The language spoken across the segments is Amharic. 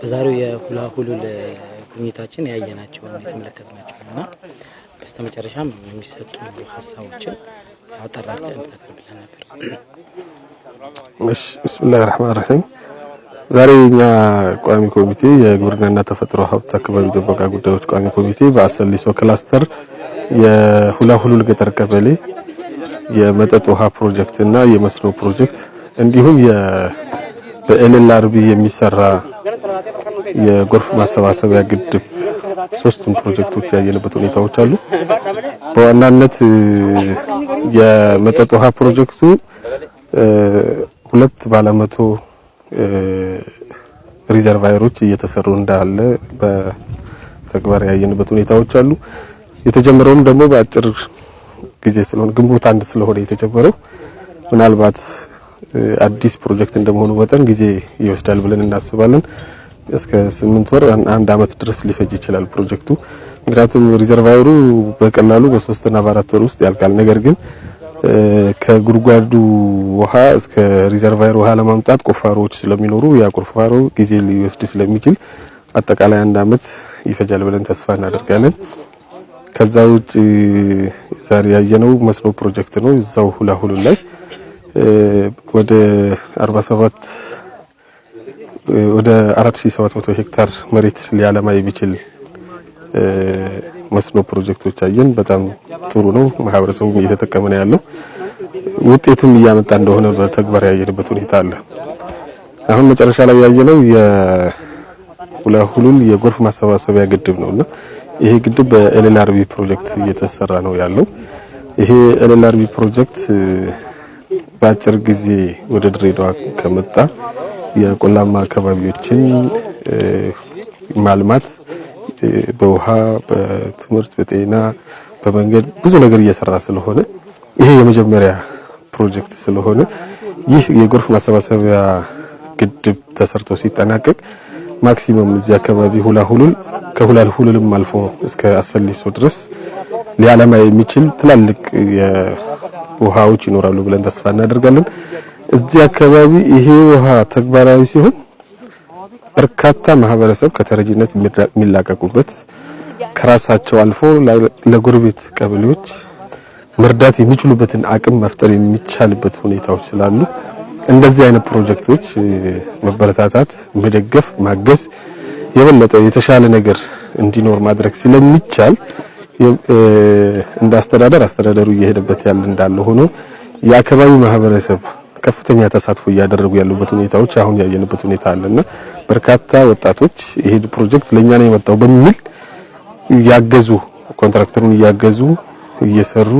በዛሬው የሁላ ሁሉል ጉብኝታችን ያየናቸውን የተመለከትናቸውን እና በስተመጨረሻም የሚሰጡ ሀሳቦችን አጠር አድርገን ነበር። ብስሚላህ ራህማን ራሂም። ዛሬ የኛ ቋሚ ኮሚቴ የግብርናና ተፈጥሮ ሀብት አካባቢ ጥበቃ ጉዳዮች ቋሚ ኮሚቴ በአሰሊሶ ክላስተር የሁላሁሉል ገጠር ቀበሌ የመጠጥ ውሃ ፕሮጀክት እና የመስኖ ፕሮጀክት እንዲሁም በኤልኤልአርቢ የሚሰራ የጎርፍ ማሰባሰቢያ ግድብ ሶስቱም ፕሮጀክቶች ያየንበት ሁኔታዎች አሉ። በዋናነት የመጠጥ ውሃ ፕሮጀክቱ ሁለት ባለመቶ ሪዘርቫየሮች እየተሰሩ እንዳለ በተግባር ያየንበት ሁኔታዎች አሉ። የተጀመረውም ደግሞ በአጭር ጊዜ ስለሆነ ግንቦት አንድ ስለሆነ የተጀመረው ምናልባት አዲስ ፕሮጀክት እንደመሆኑ መጠን ጊዜ ይወስዳል ብለን እናስባለን። እስከ ስምንት ወር አንድ አመት ድረስ ሊፈጅ ይችላል ፕሮጀክቱ። ምክንያቱም ሪዘርቫየሩ በቀላሉ በሶስትና በአራት ወር ውስጥ ያልቃል። ነገር ግን ከጉድጓዱ ውሃ እስከ ሪዘርቫየር ውሃ ለማምጣት ቁፋሮዎች ስለሚኖሩ ያ ቁፋሮ ጊዜ ሊወስድ ስለሚችል አጠቃላይ አንድ አመት ይፈጃል ብለን ተስፋ እናደርጋለን። ከዛ ውጭ ዛሬ ያየነው መስኖ ፕሮጀክት ነው እዛው ሁላሁሉ ላይ ወደ 47 ወደ 4700 ሄክታር መሬት ሊያለማ የሚችል መስኖ ፕሮጀክቶች አየን። በጣም ጥሩ ነው። ማህበረሰቡም እየተጠቀመ ነው ያለው። ውጤትም እያመጣ እንደሆነ በተግባር ያየንበት ሁኔታ አለ። አሁን መጨረሻ ላይ ያየነው የሁላሁሉን የጎርፍ ማሰባሰቢያ ግድብ ነውና ይሄ ግድብ በኤልኤልአርቢ ፕሮጀክት እየተሰራ ነው ያለው። ይሄ ኤልኤልአርቢ ፕሮጀክት በአጭር ጊዜ ወደ ድሬዳዋ ከመጣ የቆላማ አካባቢዎችን ማልማት በውሃ፣ በትምህርት፣ በጤና፣ በመንገድ ብዙ ነገር እየሰራ ስለሆነ ይሄ የመጀመሪያ ፕሮጀክት ስለሆነ ይህ የጎርፍ ማሰባሰቢያ ግድብ ተሰርቶ ሲጠናቀቅ ማክሲመም እዚህ አካባቢ ሁላሁሉል ከሁላሁሉልም አልፎ እስከ አሰሊሶ ድረስ ሊያለማ የሚችል ትላልቅ ውሃዎች ይኖራሉ ብለን ተስፋ እናደርጋለን። እዚህ አካባቢ ይሄ ውሃ ተግባራዊ ሲሆን በርካታ ማህበረሰብ ከተረጂነት የሚላቀቁበት ከራሳቸው አልፎ ለጎረቤት ቀበሌዎች መርዳት የሚችሉበትን አቅም መፍጠር የሚቻልበት ሁኔታዎች ስላሉ እንደዚህ አይነት ፕሮጀክቶች መበረታታት፣ መደገፍ፣ ማገዝ የበለጠ የተሻለ ነገር እንዲኖር ማድረግ ስለሚቻል እንደ አስተዳደር አስተዳደሩ እየሄደበት ያለ እንዳለ ሆኖ የአካባቢ ማህበረሰብ ከፍተኛ ተሳትፎ እያደረጉ ያሉበት ሁኔታዎች አሁን ያየንበት ሁኔታ አለና በርካታ ወጣቶች ይሄ ፕሮጀክት ለኛ ነው የመጣው በሚል እያገዙ ኮንትራክተሩን እያገዙ እየሰሩ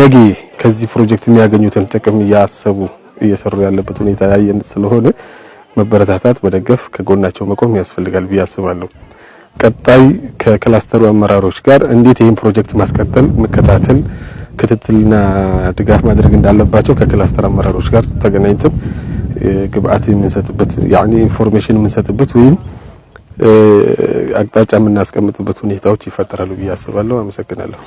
ነገ ከዚህ ፕሮጀክት የሚያገኙትን ጥቅም እያሰቡ እየሰሩ ያለበት ሁኔታ ያየን ስለሆነ መበረታታት፣ መደገፍ፣ ከጎናቸው መቆም ያስፈልጋል ብዬ አስባለሁ። ቀጣይ ከክላስተሩ አመራሮች ጋር እንዴት ይህን ፕሮጀክት ማስቀጠል፣ መከታተል፣ ክትትልና ድጋፍ ማድረግ እንዳለባቸው ከክላስተር አመራሮች ጋር ተገናኝተን ግብአት የምንሰጥበት ያኒ ኢንፎርሜሽን የምንሰጥበት ወይም አቅጣጫ የምናስቀምጥበት ሁኔታዎች ይፈጠራሉ ብዬ አስባለሁ። አመሰግናለሁ።